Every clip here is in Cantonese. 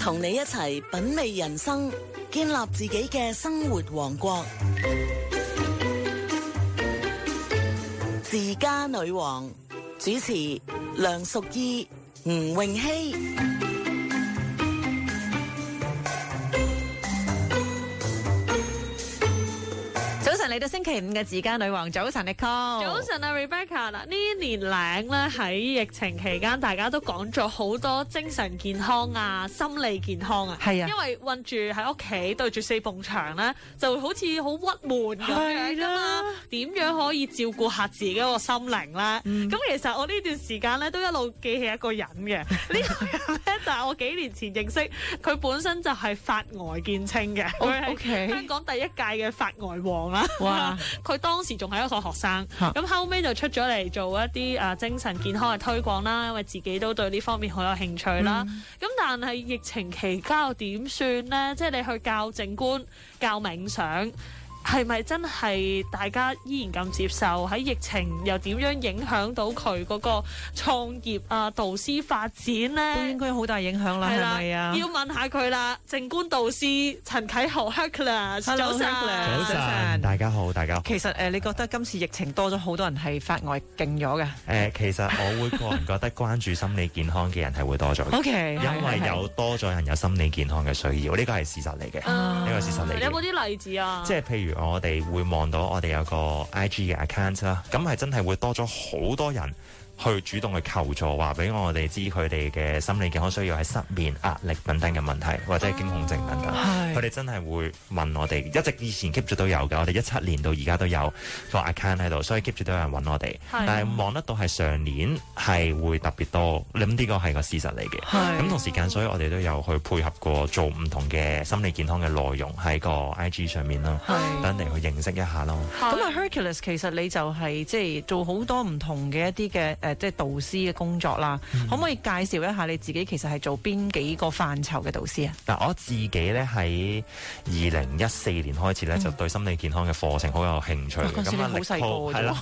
同你一齊品味人生，建立自己嘅生活王國。自家女皇主持梁淑意、吳詠希。嚟到星期五嘅自家女皇，早晨，Nicole。早晨啊，Rebecca。嗱，呢一年嚟咧喺疫情期間，大家都講咗好多精神健康啊、心理健康啊。係啊，因為困住喺屋企對住四埲牆咧，就會好似好鬱悶咁樣㗎嘛。點、啊、樣可以照顧下自己個心靈咧？咁、嗯、其實我呢段時間咧，都一路記起一個人嘅。呢 個人咧就係、是、我幾年前認識，佢本身就係發呆見稱嘅，佢係、oh, okay. 香港第一屆嘅發呆王啦。哇！佢 當時仲係一個學生，咁 後尾就出咗嚟做一啲誒精神健康嘅推廣啦，因為自己都對呢方面好有興趣啦。咁、嗯、但係疫情期間又點算呢？即係你去教正觀、教冥想。係咪真係大家依然咁接受？喺疫情又點樣影響到佢嗰個創業啊、導師發展咧？應該好大影響啦，係咪啊？吧要問下佢啦，靜觀導師陳棨豪 Hercules，早晨，早晨，大家好，大家好。其實誒、呃，你覺得今次疫情多咗好多人係發外勁咗嘅？誒、呃，其實我會個人覺得關注心理健康嘅人係會多咗。OK， 因為有多咗人有心理健康嘅需要，呢、這個係事實嚟嘅，呢、這個事實嚟。嘅。 你有冇啲例子啊？即係譬如。我哋會望到我哋有個 IG 嘅 account 啦，咁係真係會多咗好多人。去主動去求助，話俾我哋知佢哋嘅心理健康需要係失眠、壓力等等嘅問題，或者係驚恐症等等。佢哋、嗯、真係會問我哋，一直以前 keep 住都有㗎。我哋一七年到而家都有個 account 喺度，所以 keep 住都有人揾我哋。是但係望得到係上年係會特別多，諗呢個係個事實嚟嘅。咁是、嗯、同時間，所以我哋都有去配合過做唔同嘅心理健康嘅內容喺個 IG 上面咯，是等你去認識一下咯。咁啊、嗯嗯、Hercules 其實你就係即係做好多唔同嘅一啲嘅即係導師嘅工作啦，嗯、可唔可以介紹一下你自己？其實係做邊幾個範疇嘅導師啊？嗱，我自己咧喺二零一四年開始咧，就對心理健康嘅課程好有興趣嘅。咁啊、嗯，好細個係咯。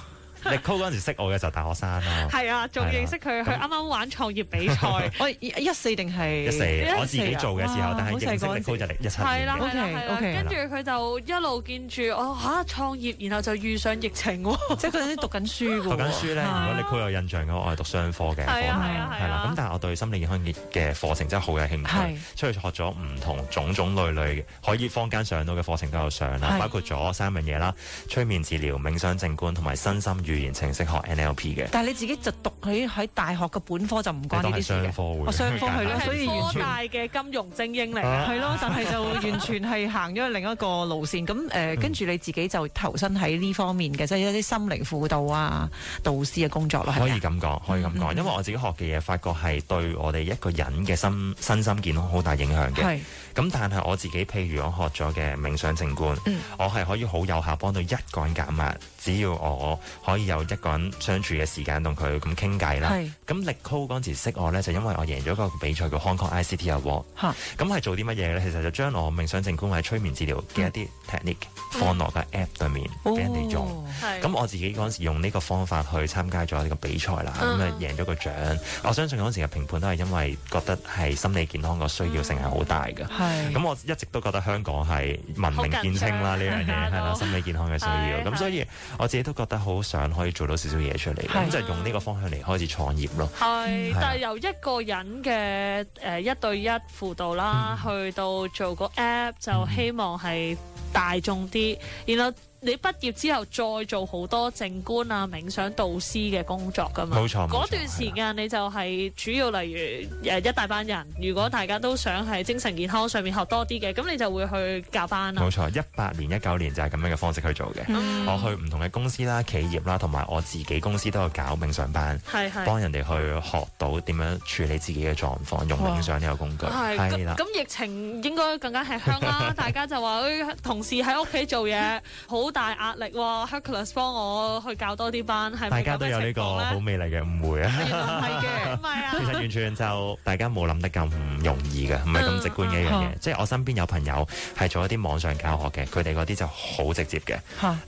你 call 嗰陣時識我嘅就大學生啦，係啊，仲認識佢，佢啱啱玩創業比賽，我一四定係一四，我自己做嘅時候，但係認識佢就嚟一七，係啦，OK，跟住佢就一路見住，哦嚇創業，然後就遇上疫情喎，即係佢啲讀緊書㗎喎，讀緊書咧。如果你 call 有印象嘅，我係讀商科嘅，係啦，咁但係我對心理健康嘅課程真係好有興趣，出去學咗唔同種種類類嘅，可以坊間上到嘅課程都有上啦，包括咗三樣嘢啦，催眠治療、冥想靜觀同埋身心。語言程式學 NLP 嘅，但係你自己就讀喺喺大學嘅本科就唔關呢啲事嘅。我商科係咯，所以科大嘅金融精英嚟，係咯。但係就完全係行咗去另一個路線。咁誒，跟住你自己就投身喺呢方面嘅，即係一啲心靈輔導啊、導師嘅工作咯。可以咁講，可以咁講，因為我自己學嘅嘢，發覺係對我哋一個人嘅身身心健康好大影響嘅。係。咁但係我自己，譬如我學咗嘅冥想靜觀，我係可以好有效幫到一個人減壓。只要我可以有一個人相處嘅時間同佢咁傾偈啦，咁 Nicole 嗰陣時識我咧就因為我贏咗個比賽叫《Hong Kong ICT，咁係做啲乜嘢咧？其實就將我冥想正觀同催眠治療嘅一啲 technique 放落個 app 對面俾人哋用，咁我自己嗰陣時用呢個方法去參加咗呢個比賽啦，咁啊贏咗個獎。我相信嗰陣時嘅評判都係因為覺得係心理健康個需要性係好大嘅，咁我一直都覺得香港係文明見稱啦，呢樣嘢係啦，心理健康嘅需要，咁所以。我自己都覺得好想可以做到少少嘢出嚟，咁、啊、就用呢個方向嚟開始創業咯。係，就由一個人嘅誒、呃、一對一輔導啦，嗯、去到做個 App 就希望係大眾啲，然後、嗯。你畢業之後再做好多正觀啊、冥想導師嘅工作噶嘛？冇錯，嗰段時間錯你就係主要例如誒一大班人，如果大家都想喺精神健康上面學多啲嘅，咁你就會去教班啦。冇錯，一八年、一九年就係咁樣嘅方式去做嘅。嗯、我去唔同嘅公司啦、企業啦，同埋我自己公司都有搞冥想班，係是幫人哋去學到點樣處理自己嘅狀況，用冥想呢個工具。係，咁疫情應該更加吃香啦， 大家就話、哎、同事喺屋企做嘢好。好大壓力喎，Hercules 幫我去教多啲班，係咪咁嘅情況咧？大家都有呢個好美麗嘅誤會啊，唔係嘅，唔係啊，其實完全就大家冇諗得咁容易嘅，唔係咁直觀嘅一樣嘢。即係我身邊有朋友係做一啲網上教學嘅，佢哋嗰啲就好直接嘅。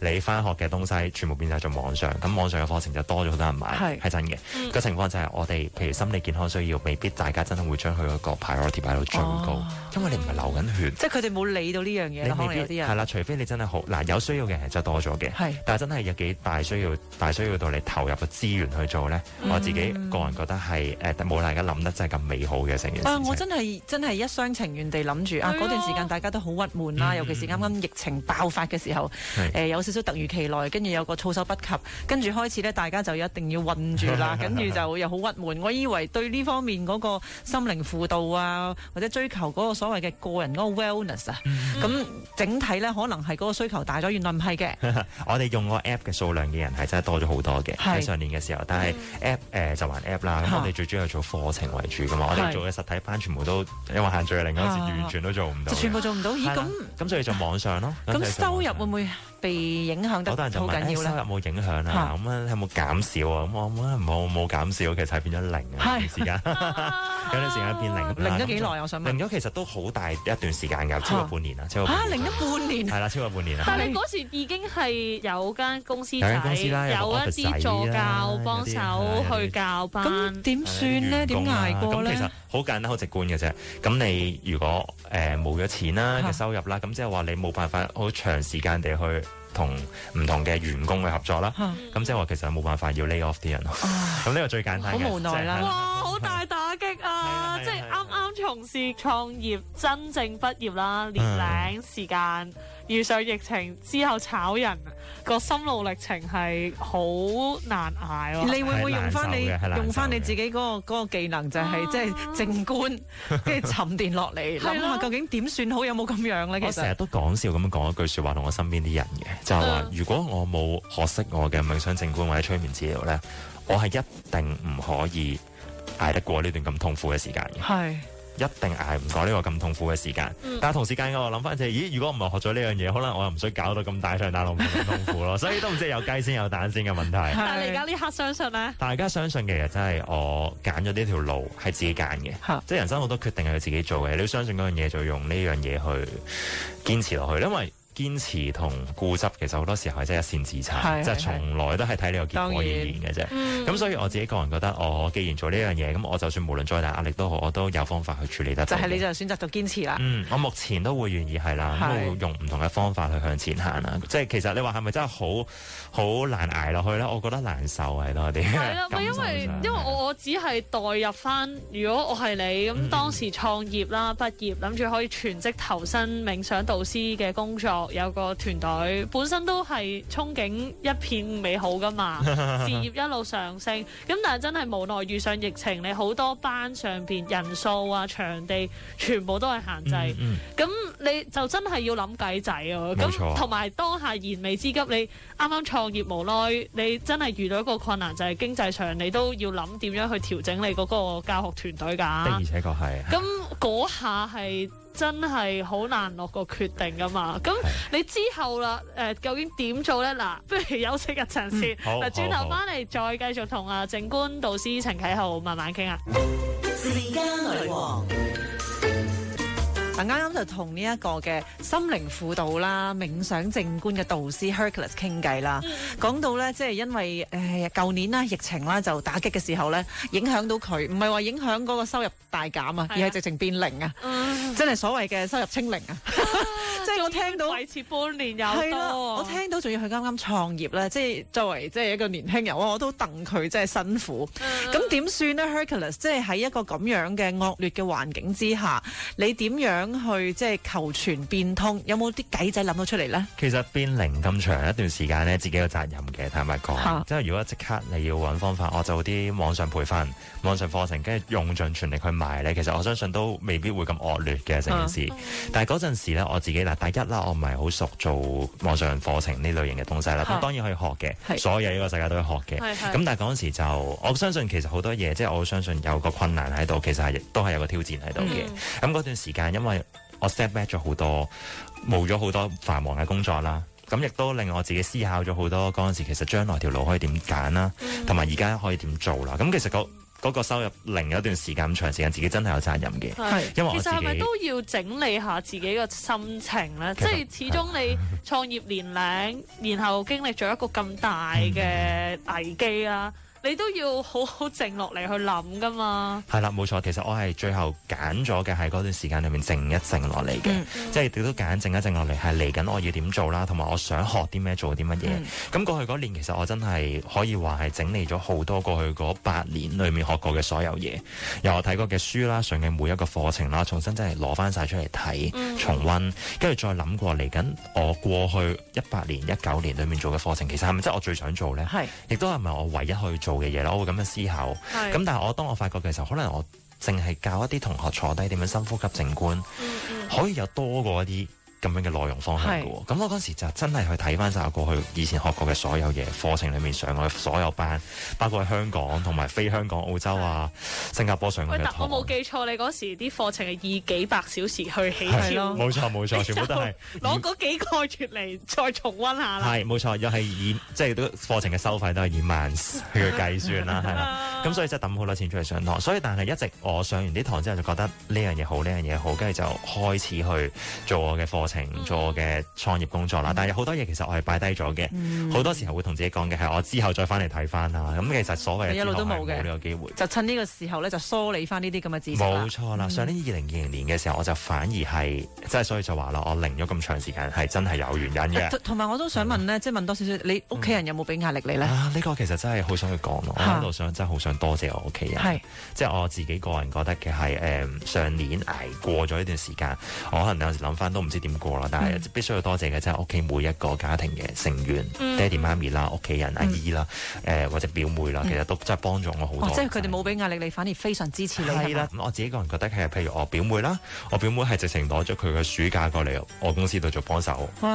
你返學嘅東西全部變晒做網上，咁網上嘅課程就多咗好多人買，係真嘅。個情況就係我哋，譬如心理健康需要，未必大家真係會將佢個 priority 擺到最高，因為你唔係流緊血。即係佢哋冇理到呢樣嘢，啱啦，除非你真係好嗱有需要。是真係多咗嘅，但係真係有幾大需要，大需要到你投入嘅資源去做咧？嗯、我自己個人覺得係，誒、呃，冇大家諗得真係咁美好嘅成件事，哎。我真係真係一廂情願地諗住、哎、呀啊，段時間大家都好鬱悶啦，嗯、尤其是啱啱疫情爆發嘅時候，嗯呃，有少少突如其來，跟住有個措手不及，跟住開始咧，大家就一定要困住啦，跟住 就又好鬱悶。我以為對呢方面嗰個心靈輔導啊，或者追求嗰個所謂嘅個人嗰個 wellness 啊，咁、嗯嗯、整體咧可能係嗰個需求大咗，原來。係嘅，我哋用個 app 嘅數量嘅人係真係多咗好多嘅，喺上年嘅時候，但係 app 誒就還 app 啦。咁我哋最主要做課程為主噶嘛，我哋做嘅實體班全部都因為限聚令，另外嗰時完全都做唔到，就全部做唔到。咦？咁咁所以就網上咯。咁收入會唔會被影響得好緊要咧？收入冇影響啊？咁啊有冇減少啊？咁我冇冇冇減少，其實係變咗零時間，有段時間變零。零咗幾耐？我想問。零咗其實都好大一段時間㗎，超過半年啦，超過嚇零咗半年。係啦，超過半年啦。但係嗰時，已經係有間公司啦，有一啲助教幫手去教班。咁點算咧？點捱過咧？其實好簡單，好直觀嘅啫。咁你如果誒冇咗錢啦嘅收入啦，咁即係話你冇辦法好長時間地去同唔同嘅員工去合作啦。咁即係話其實冇辦法要 lay off 啲人。咁呢個最簡單。好無奈啦！哇，好大打擊啊！即係啱啱從事創業，真正畢業啦，年齡時間。遇上疫情之後炒人啊，個心路歷程係好難捱。是你會唔會用翻你用翻你自己嗰個嗰個技能，就係 即係靜觀，即係沉澱落嚟，諗下究竟點算好， 有冇咁樣咧？其實成日都講笑咁講一句説話，同我身邊啲人嘅，就係話如果我冇學識我嘅冥想靜觀或者催眠治療咧，我係一定唔可以捱得過呢段咁痛苦嘅時間嘅。係。一定捱唔過呢個咁痛苦嘅時間，嗯、但係同時間我諗翻就咦？如果唔係學咗呢樣嘢，可能我又唔使搞到咁大上大落咁痛苦咯。 所以都唔知有雞先有蛋先嘅問題。是但係你而家呢刻相信咧？大家相信其實真係我揀咗呢條路係自己揀嘅，即係 人生好多決定係自己做嘅。你要相信嗰樣嘢就要用呢樣嘢去堅持落去，因為。堅持同固執其實好多時候係真係一線自殘，的即係從來都係睇你個結果然而言嘅啫。咁、嗯、所以我自己個人覺得，我既然做呢樣嘢，咁、嗯、我就算無論再大壓力都好，我都有方法去處理得。就係你就選擇咗堅持啦、嗯。我目前都會願意係啦，都會的用唔同嘅方法去向前行啦。即係其實你話係咪真係好好難捱落去咧？我覺得難受係多啲。係啦，唔的因為因為我我只係代入返，如果我係你咁當時創業啦、畢業，諗住可以全職投身冥想導師嘅工作。有個團隊本身都係憧憬一片美好噶嘛， 事業一路上升，咁但係真係無奈遇上疫情，你好多班上邊人數啊、場地全部都係限制，咁、嗯嗯、你就真係要諗計仔啊！咁同埋當下燃眉之急，你啱啱創業無奈，你真係遇到一個困難，就係、是、經濟上你都要諗點樣去調整你嗰個教學團隊噶。的而且確係。咁下係。真係好難落個決定㗎嘛！咁是你之後啦，誒究竟點做咧？嗱，不如休息一陣先。嗱、嗯，轉頭翻嚟再繼續同阿靜觀導師陳棨豪慢慢傾啊。嗱，啱啱就同呢一個嘅心靈輔導啦、冥想靜觀嘅導師 Hercules 傾偈啦，講到咧，即係因為誒舊年啦、疫情啦就打擊嘅時候咧，影響到佢，唔係話影響嗰個收入大減啊，而係直情變零啊，真係所謂嘅收入清零啊！即係我聽到維持半年又多，我聽到仲要佢啱啱創業咧，即係作為即係一個年輕人，我都戥佢真係辛苦。咁點算咧，Hercules？即係喺一個咁樣嘅惡劣嘅環境之下，你點樣？去即係求全變通，有冇啲計仔諗到出嚟咧？其實變零咁長一段時間咧，自己有責任嘅，坦白講，即係是如果即刻你要揾方法，我就啲網上培訓，網上課程，跟住用盡全力去買咧。其實我相信都未必會咁惡劣嘅成件事。是但係嗰陣時咧，我自己嗱第一啦，我唔係好熟做網上課程呢類型嘅東西啦。咁是當然可以學嘅，是所有呢個世界都要學嘅。咁是但係嗰陣時就，我相信其實好多嘢，即係我相信有個困難喺度，其實亦都係有個挑戰喺度嘅。咁嗰是、嗯、段時間因為。我 set back 咗好多，冇咗好多繁忙嘅工作啦。咁亦都令我自己思考咗好多，嗰陣時其將，嗯，其實將來條路可以點揀啦，同埋而家可以點做啦。咁其實嗰嗰個收入，另一段時間咁長時間，自己真係有責任嘅，係是因為我自己其實係咪都要整理下自己嘅心情咧。即係其實 始終你創業年齡， 然後經歷咗一個咁大嘅危機啦。嗯你都要好好靜落嚟去諗噶嘛？係啦，冇錯。其實我係最後揀咗嘅係嗰段時間裏面靜一靜落嚟嘅，嗯、即係都都揀靜一靜落嚟，係嚟緊我要點做啦，同埋我想學啲咩做啲乜嘢。咁、嗯、過去嗰年，其實我真係可以話係整理咗好多過去嗰八年裏面學過嘅所有嘢，由我睇過嘅書啦、上嘅每一個課程啦，重新真係攞翻晒出嚟睇、嗯、重温，跟住再諗過嚟緊我過去一八年、一九年裏面做嘅課程，其實係咪即係我最想做咧？是亦都係咪我唯一去做？做嘅嘢咯，我會咁樣思考。咁但係我當我發覺嘅時候，可能我淨係教一啲同學坐低點樣深呼吸靜觀，可以有多過一啲咁樣嘅內容方向嘅喎，咁是我嗰時就真係去睇翻晒過去以前學過嘅所有嘢，課程裏面上過嘅所有班，包括喺香港同埋非香港、澳洲啊、新加坡上。我冇記錯，你嗰時啲課程係以二幾百小時去起跳。冇錯冇錯，錯你就 全部都係攞嗰幾個月嚟再重溫下。係冇錯，又係以即係都課程嘅收費都係以萬去計算啦，係啦。咁所以真係抌好多錢出嚟上堂，所以但係一直我上完啲堂之後就覺得呢樣嘢好，呢樣嘢好，跟、這、住、個、就開始去做我嘅課程。情座嘅創業工作啦，嗯、但係好多嘢其實我係擺低咗嘅，好、嗯、多時候會同自己講嘅係我之後再翻嚟睇翻啊。咁、嗯、其實所謂嘅、嗯、一路都冇嘅，冇呢個機會，就趁呢個時候咧就梳理翻呢啲咁嘅知識啦。冇錯啦，嗯、上年二零二零年嘅時候，我就反而係即係所以就話啦，我寧咗咁長時間係真係有原因嘅。同埋、啊、我都想問咧，嗯、即係問多少少，你屋企人有冇俾壓力你咧？呢、嗯嗯啊呢個其實真係好想去講，我喺度想是真係好想多謝我屋企人，即係是我自己個人覺得嘅係誒上年挨過咗一段時間，我可能有時諗翻都唔知點。過啦，但係必須要多謝嘅，即係屋企每一個家庭嘅成員，爹哋媽咪啦，屋企人阿姨啦，誒或者表妹啦，其實都真係幫助我好多。即係佢哋冇俾壓力，你反而非常支持你。我自己個人覺得譬如我表妹啦，我表妹係直情攞咗佢嘅暑假過嚟我公司度做幫手。即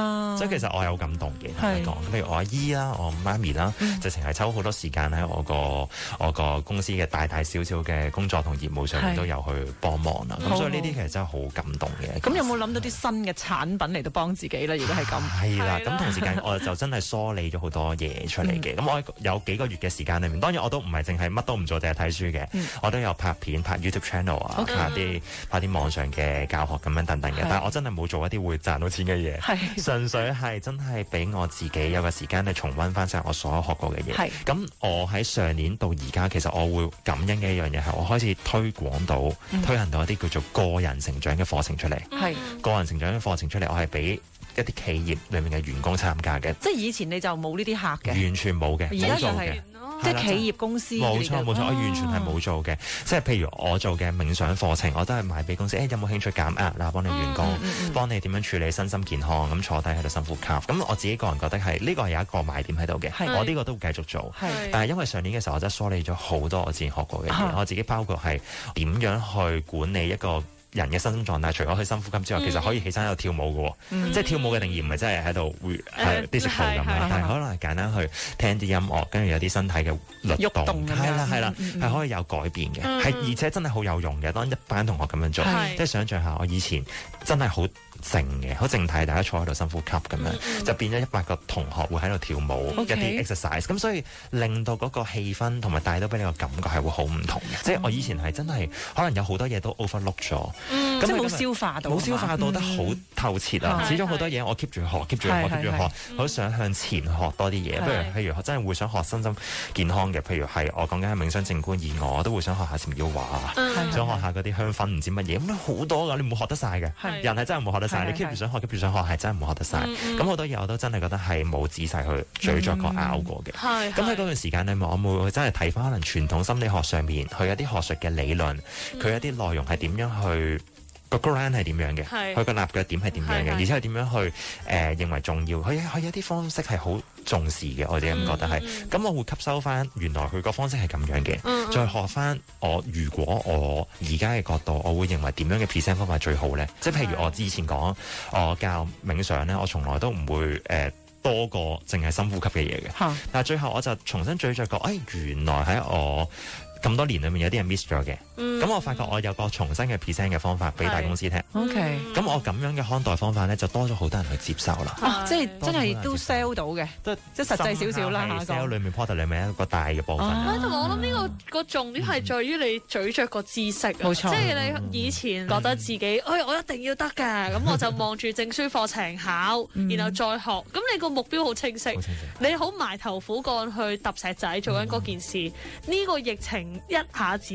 係其實我有感動嘅，譬如我阿姨啦，我媽咪啦，直情係抽好多時間喺我個我個公司嘅大大小小嘅工作同業務上面都有去幫忙啦。咁所以呢啲其實真係好感動嘅。咁有冇諗到啲新嘅產品嚟到幫自己啦，如果係咁係啦。咁同時間我就真係梳理咗好多嘢出嚟嘅。咁我有幾個月嘅時間裏面，當然我都唔係淨係乜都唔做，淨係睇書嘅。我都有拍片、拍 YouTube channel 啊，拍啲拍啲網上嘅教學咁樣等等嘅。但係我真係冇做一啲會賺到錢嘅嘢，純粹係真係俾我自己有個時間咧，重溫翻晒我所學過嘅嘢。係咁，我喺上年到而家，其實我會感恩嘅一樣嘢係，我開始推廣到推行到一啲叫做個人成長嘅課程出嚟。係個人成長嘅課程。出嚟，我係俾一啲企業裏面嘅員工參加嘅。即係以前你就冇呢啲客嘅，完全冇嘅。而家就係即係企業公司冇錯冇錯，我完全係冇做嘅。即係譬如我做嘅冥想課程，我都係賣俾公司。誒，有冇興趣減壓啊？幫你員工，幫你點樣處理身心健康？咁坐低喺度深呼吸。咁我自己個人覺得係呢個係有一個賣點喺度嘅。我呢個都會繼續做。但係因為上年嘅時候，我真係梳理咗好多我之前學過嘅嘢。我自己包括係點樣去管理一個。人嘅身心狀態，除咗去深呼吸之外，其實可以起身喺度跳舞嘅，嗯、即係跳舞嘅定義唔係真係喺度會啲食舞咁，呃、但係可能簡單去聽啲音樂，跟住有啲身體嘅律動，係啦係啦，係、嗯、可以有改變嘅，係、嗯、而且真係好有用嘅，當一班同學咁樣做，是即係想像下我以前真係好靜嘅好靜態，大家坐喺度深呼吸咁樣，就變咗一百個同學會喺度跳舞，一啲 exercise。咁所以令到嗰個氣氛同埋帶到俾你個感覺係會好唔同嘅。即係我以前係真係可能有好多嘢都 overlook 咗，咁即係冇消化到，冇消化到得好透徹啊！始終好多嘢我 keep 住學，keep 住學，keep 住學，好想向前學多啲嘢。譬如譬如真係會想學身心健康嘅，譬如係我講緊係冥想正觀，而我都會想學下禪繞畫，想學下嗰啲香薰唔知乜嘢，咁好多噶，你冇學得晒嘅，人係真係冇學得。你 keep 住想學 keep 住想學，係真係唔學得晒。咁好、uh um. 多嘢我都真係覺得係冇仔細去咀嚼過、拗過嘅。咁喺嗰段時間咧，我會真係睇翻可能傳統心理學上面佢一啲學術嘅理論，佢一啲內容係點樣去？個 ground 係點樣嘅？佢個是立腳點係點樣嘅？的而且係點樣去誒、呃、認為重要？佢佢有啲方式係好重視嘅，我自己咁覺得係。咁、嗯嗯嗯、我會吸收翻原來佢個方式係咁樣嘅，嗯嗯再學翻我如果我而家嘅角度，我會認為點樣嘅 present 方法最好咧？即係的譬如我之前講我教冥想咧，我從來都唔會誒多過淨係深呼吸嘅嘢嘅。嗯、但係最後我就重新咀嚼過，誒、欸、原來喺我咁多年裡面有啲人 miss 咗嘅。咁我發覺我有個重新嘅 present 嘅方法俾大公司聽。OK，咁我咁樣嘅看待方法咧，就多咗好多人去接受啦。即係真係都 sell 到嘅，即係實際少少啦。sell 裡面 product 裏面一個大嘅部分。同埋我諗呢個個重點係在於你咀嚼個知識。冇錯，即係你以前覺得自己，哎，我一定要得嘅，咁我就望住證書課程考，然後再學。咁你個目標好清晰，你好埋頭苦幹去揼石仔做緊嗰件事。呢個疫情一下子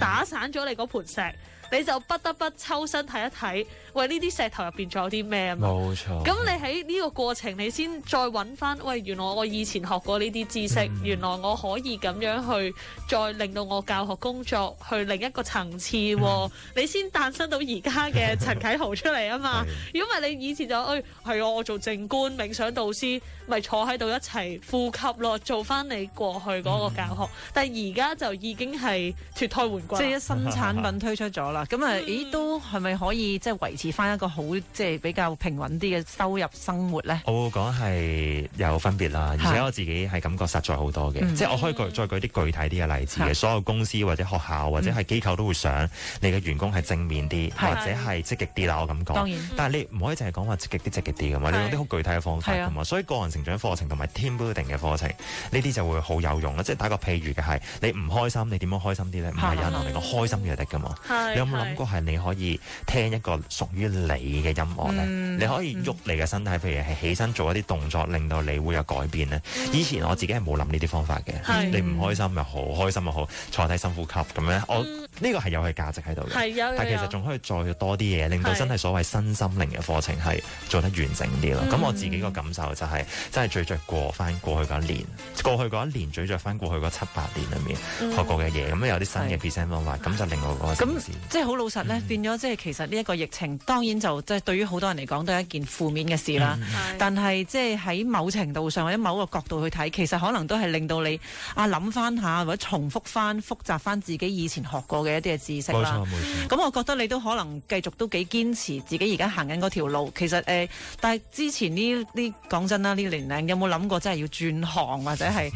打散咗你嗰盤石，你就不得不抽身睇一睇。喂，呢啲石頭入邊仲有啲咩啊？冇錯。咁你喺呢個過程，你先再揾翻，喂，原來我以前學過呢啲知識，嗯、原來我可以咁樣去再令到我教學工作去另一個層次。嗯、你先誕生到而家嘅陳啟豪出嚟啊嘛！如果唔係你以前就，哎，係啊，我做靜觀、冥想導師，咪坐喺度一齊呼吸咯，做翻你過去嗰個教學。嗯、但係而家就已經係脫胎換骨，即係一新產品推出咗啦。咁啊，咦，都係咪可以即係、就是、維？持翻一個好即係比較平穩啲嘅收入生活咧，我會講係有分別啦，而且我自己係感覺實在好多嘅，嗯、即係我可以再舉啲具體啲嘅例子嘅。嗯、所有公司或者學校或者係機構都會想你嘅員工係正面啲、嗯、或者係積極啲啦。是我咁講，當然。但係你唔可以淨係講話積極啲積極啲噶嘛？是你用啲好具體嘅方法噶嘛？啊、所以個人成長課程同埋 team building 嘅課程呢啲就會好有用啦。即係打個譬如嘅係你唔開心，你點樣開心啲咧？唔係有能力，你開心就得噶嘛？嗯、你有冇諗過係你可以聽一個於你嘅音樂咧，你可以喐你嘅身體，譬如係起身做一啲動作，令到你會有改變咧。以前我自己係冇諗呢啲方法嘅，你唔開心又好，開心又好，坐低深呼吸咁樣。我呢個係有佢價值喺度嘅，係有。但其實仲可以再多啲嘢，令到真係所謂身心靈嘅課程係做得完整啲咯。咁我自己個感受就係，真係追着過翻過去嗰一年，過去嗰一年追着翻過去嗰七八年裏面學過嘅嘢，咁有啲新嘅 present 方法，咁就令我咁即係好老實咧。變咗即係其實呢一個疫情。當然就即係對於好多人嚟講都係一件負面嘅事啦。但係即係喺某程度上或者某個角度去睇，其實可能都係令到你啊諗翻下或者重複翻複雜翻自己以前學過嘅一啲嘅知識啦。咁、嗯、我覺得你都可能繼續都幾堅持自己而家行緊嗰條路。其實誒、呃，但係之前呢啲講真啦，呢個年齡有冇諗過真係要轉行或者係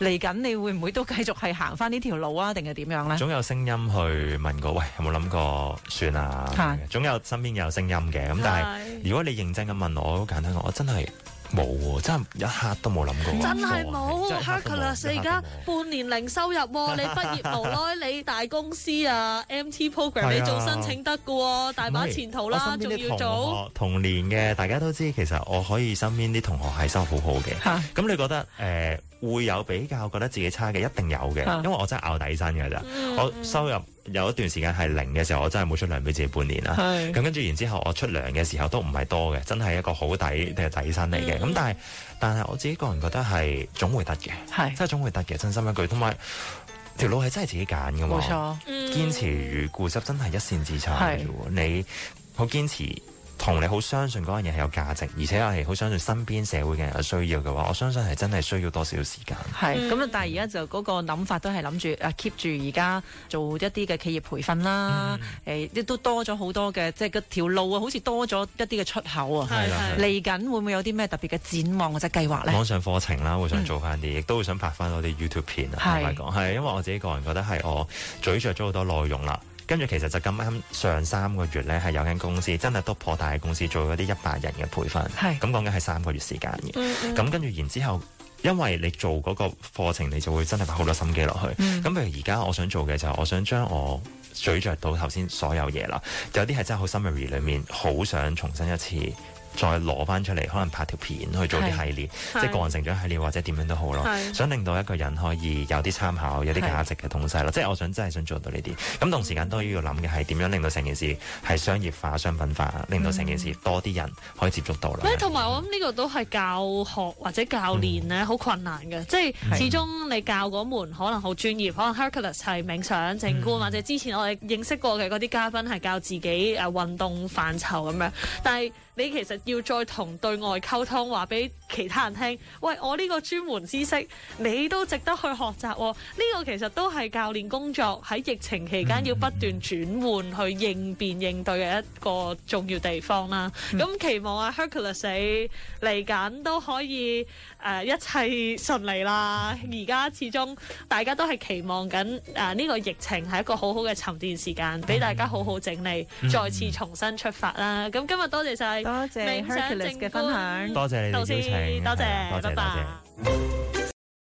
嚟緊？ 你會唔會都繼續係行翻呢條路啊？定係點樣呢？總有聲音去問過，喂，有冇諗過算啊？總有身邊。有聲音嘅，咁但係如果你認真咁問我，好簡單，我真係冇喎，真係一刻都冇諗過。真係冇，Hercules，你而家半年零收入喎， 你畢業無奈，你大公司啊，MT program 你做申請得嘅喎，是大把前途啦，仲要做同年嘅，大家都知，其實我可以身邊啲同學係收好好嘅。咁 你覺得誒？呃會有比較覺得自己差嘅，一定有嘅，啊、因為我真係拗底薪㗎咋，嗯、我收入有一段時間係零嘅時候，我真係冇出糧俾自己半年啦。咁跟住然之後，我出糧嘅時候都唔係多嘅，真係一個好底定底薪嚟嘅。咁、嗯、但係但係我自己個人覺得係總會得嘅，是 真係總會得嘅。真心一句，同埋條路係真係自己揀㗎嘛，堅持與固執真係一線之差。你好堅持。同你好相信嗰樣嘢係有價值，而且我係好相信身邊社會嘅人有需要嘅話，我相信係真係需要多少時間。係咁但係而家就嗰個諗法都係諗住啊，keep 住而家做一啲嘅企業培訓啦。誒、嗯欸，都多咗好多嘅，即係個條路啊，好似多咗一啲嘅出口啊。嚟緊會唔會有啲咩特別嘅展望或者計劃咧？網上課程啦，會想做翻啲，亦、嗯、都會想拍翻多啲 YouTube 片啊。係的，係因為我自己個人覺得係我咀嚼咗好多內容啦。跟住其實就咁啱上三個月呢，係有間公司真係都破大公司做嗰啲一,一百人嘅培訓，咁講緊係三個月時間嘅。咁、嗯嗯、跟住然之後，因為你做嗰個課程，你就會真係擺好多心機落去。咁、嗯、譬如而家我想做嘅就係，我想將我咀嚼到頭先所有嘢啦，有啲係真係好 summary 裡面，好想重新一次。再攞翻出嚟，可能拍條片去做啲系列，是即係個人成長系列或者點樣都好咯。是想令到一個人可以有啲參考、有啲價值嘅東西咯。是即係我想真係想做到呢啲，咁同時間都要諗嘅係點樣令到成件事係商業化、商品化，令到成件事多啲人可以接觸到啦。同埋、嗯、我諗呢個都係教學或者教練呢，好困難嘅。嗯、即係始終你教嗰門可能好專業，可能 Hercules 係冥想靜觀，嗯、或者之前我哋認識過嘅嗰啲嘉賓係教自己誒運動範疇咁樣。但係你其實要再同對外溝通，話俾其他人聽，喂，我呢個專門知識，你都值得去學習。呢個其實都係教練工作喺疫情期間要不斷轉換去應變應對嘅一個重要地方啦。咁期望阿 Hercules 嚟緊都可以誒一切順利啦。而家始終大家都係期望緊誒呢個疫情係一個好好嘅沉澱時間，俾大家好好整理，再次重新出發啦。咁今日多謝曬，多謝。Hercules 嘅分享，多謝你哋邀請，多謝多謝多謝。